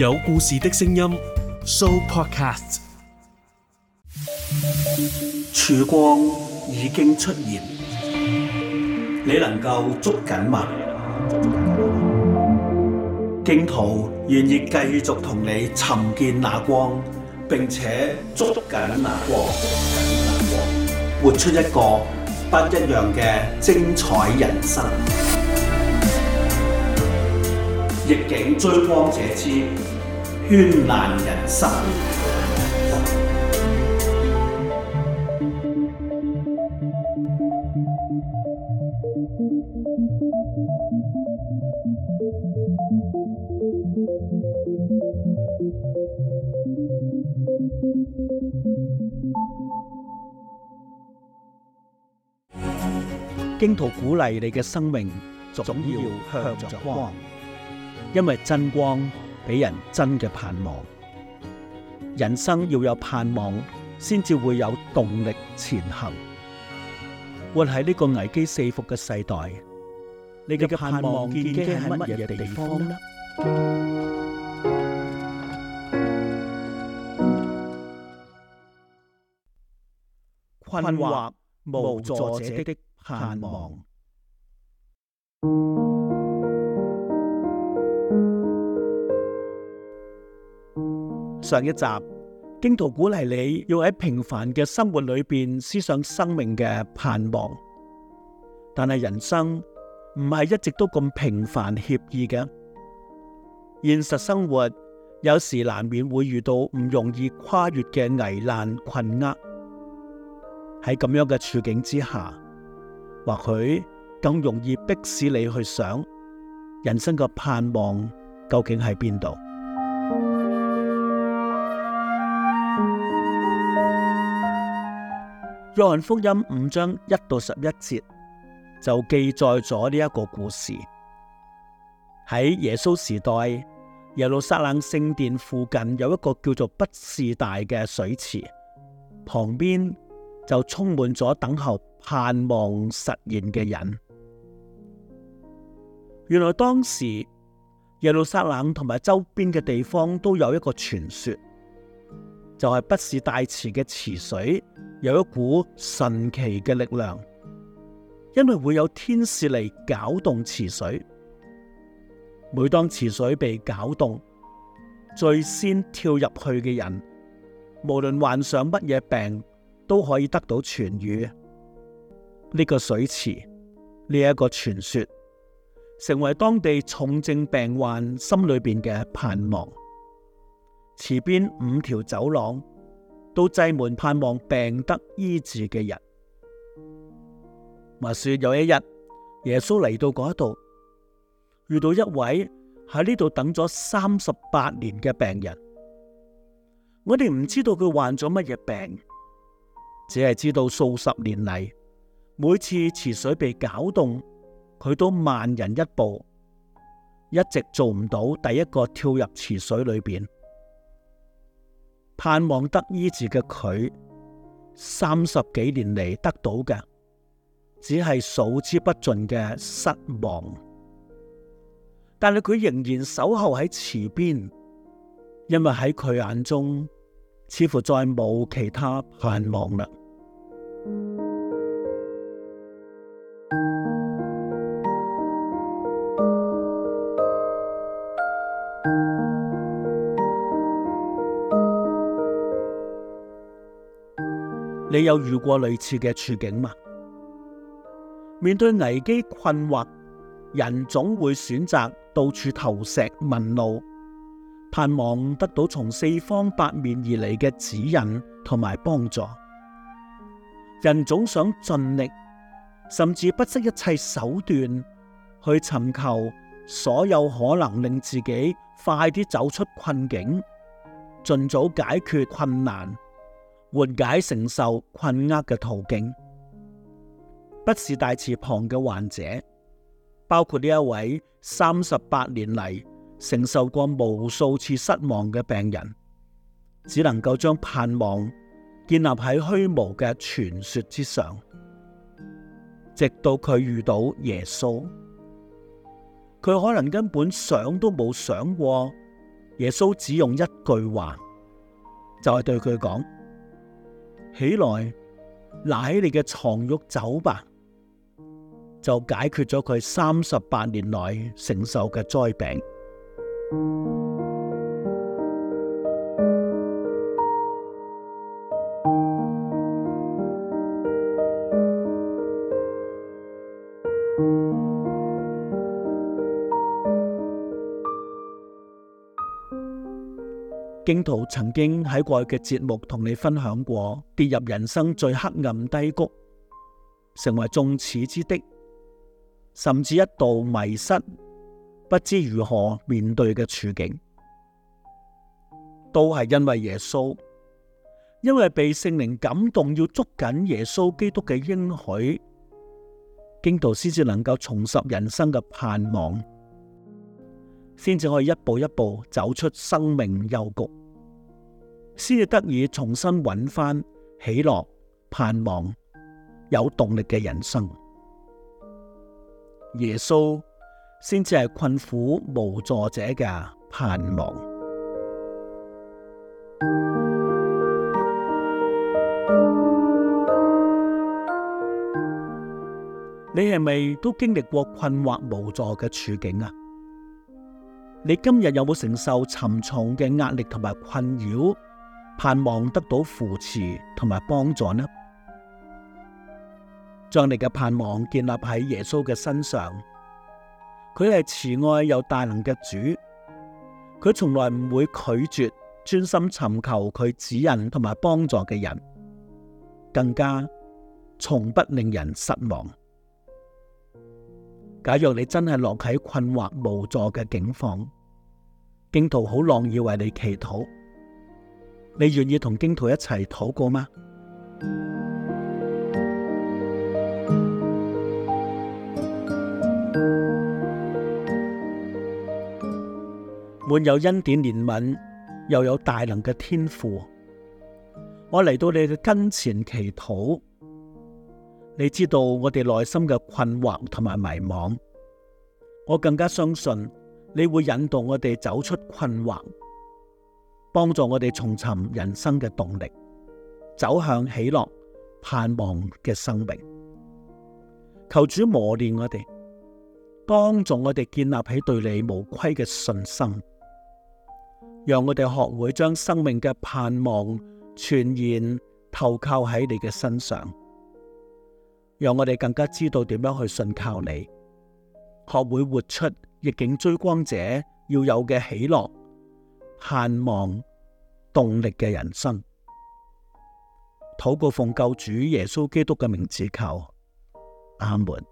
有故事的聲音，Show Podcast。曙光已經出現，你能夠捉緊嗎？荊徒願意繼續同你尋見那光，並且捉緊那光，活出一個不一樣嘅精彩人生。逆境追光者之絢爛人生，荊徒鼓勵你嘅生命，總要向著光。因為真光俾人真嘅盼望，人生要有盼望，先至會有動力前行。活喺呢個危機四伏嘅世代，你嘅盼望建基喺乜嘢地方呢？困惑無助者的盼望。上一集，荊徒鼓勵你要喺平凡嘅生活裏邊思想生命嘅盼望，但係人生唔係一直都咁平凡愜意嘅，現實生活有時難免會遇到唔容易跨越嘅危難困厄。喺咁樣嘅處境之下，或許更容易迫使你去想人生嘅盼望究竟喺邊度。約翰福音五章一到十一節就記載咗呢一個故事。喺耶穌時代，耶路撒冷聖殿附近有一個叫做畢士大嘅水池，旁邊就充滿咗等候盼望實現嘅人。原來當時耶路撒冷同埋周邊嘅地方都有一個傳說。就係畢士大池嘅池水，有一股神奇嘅力量，因為會有天使嚟攪動池水。每當池水被攪動，最先跳入去嘅人，無論患上乜嘢病，都可以得到痊癒。呢個水池呢一個傳說，成為當地重症病患心裏邊嘅盼望。池邊五條走廊都擠滿盼望病得醫治嘅人。話說有一日，耶穌嚟到嗰度，遇到一位喺呢度等咗三十八年嘅病人。我哋唔知道佢患咗乜嘢病，只係知道數十年嚟，每次池水被攪動，佢都慢人一步，一直做唔到第一個跳入池水裏邊。盼望得醫治嘅佢，三十幾年嚟得到嘅，只係數之不盡嘅失望。但係佢仍然守候喺池邊，因為喺佢眼中，似乎再冇其他盼望啦。你有遇過類似嘅處境嗎？面對危機困惑，人總會選擇到處投石問路，盼望得到從四方八面而嚟嘅指引同埋幫助。人總想盡力，甚至不惜一切手段去尋求所有可能令自己快啲走出困境，盡早解決困難。緩解承受困厄嘅途徑，畢士大池旁嘅患者，包括呢一位三十八年嚟承受過無數次失望嘅病人，只能夠將盼望建立喺虛無嘅傳說之上，直到佢遇到耶穌，佢可能根本想都冇想過，耶穌只用一句話就係對佢講。起來，拿起你嘅床褥走吧，就解決咗佢三十八年來承受嘅災病。荊徒曾經喺過去嘅節目同你分享過，跌入人生最黑暗低谷，成為眾矢之的，甚至一度迷失，不知如何面對嘅處境，都係因為耶穌，因為被聖靈感動，要捉緊耶穌基督嘅應許，荊徒先至能夠重拾人生嘅盼望，先至可以一步一步走出生命幽谷。先至得以重新揾翻喜樂、盼望、有動力嘅人生。耶穌先至係困苦無助者嘅盼望。你係咪都經歷過困惑無助嘅處境啊？你今日有冇承受沉重嘅壓力同埋困擾？盼望得到扶持同埋幫助呢？將你嘅盼望建立喺耶穌嘅身上，佢係慈愛又大能嘅主，佢從來唔會拒絕專心尋求佢指引同埋幫助嘅人，更加從不令人失望。假若你真係落喺困惑無助嘅境況，荊徒好樂意為你祈禱。你願意同荊徒一齊禱告嗎？滿有恩典憐憫，又有大能嘅天父，我嚟到你嘅跟前祈禱，你知道我哋內心嘅困惑同埋迷惘。我更加相信你會引導我哋走出困惑。幫助我哋重尋人生嘅動力，走向喜樂盼望嘅生命。求主磨練我哋，幫助我哋建立起對你無愧嘅信心，讓我哋學會將生命嘅盼望全然投靠喺你嘅身上，讓我哋更加知道點樣去信靠你，學會活出逆境追光者要有嘅喜樂。盼望動力嘅人生，禱告奉救主耶穌基督嘅名字求，阿門。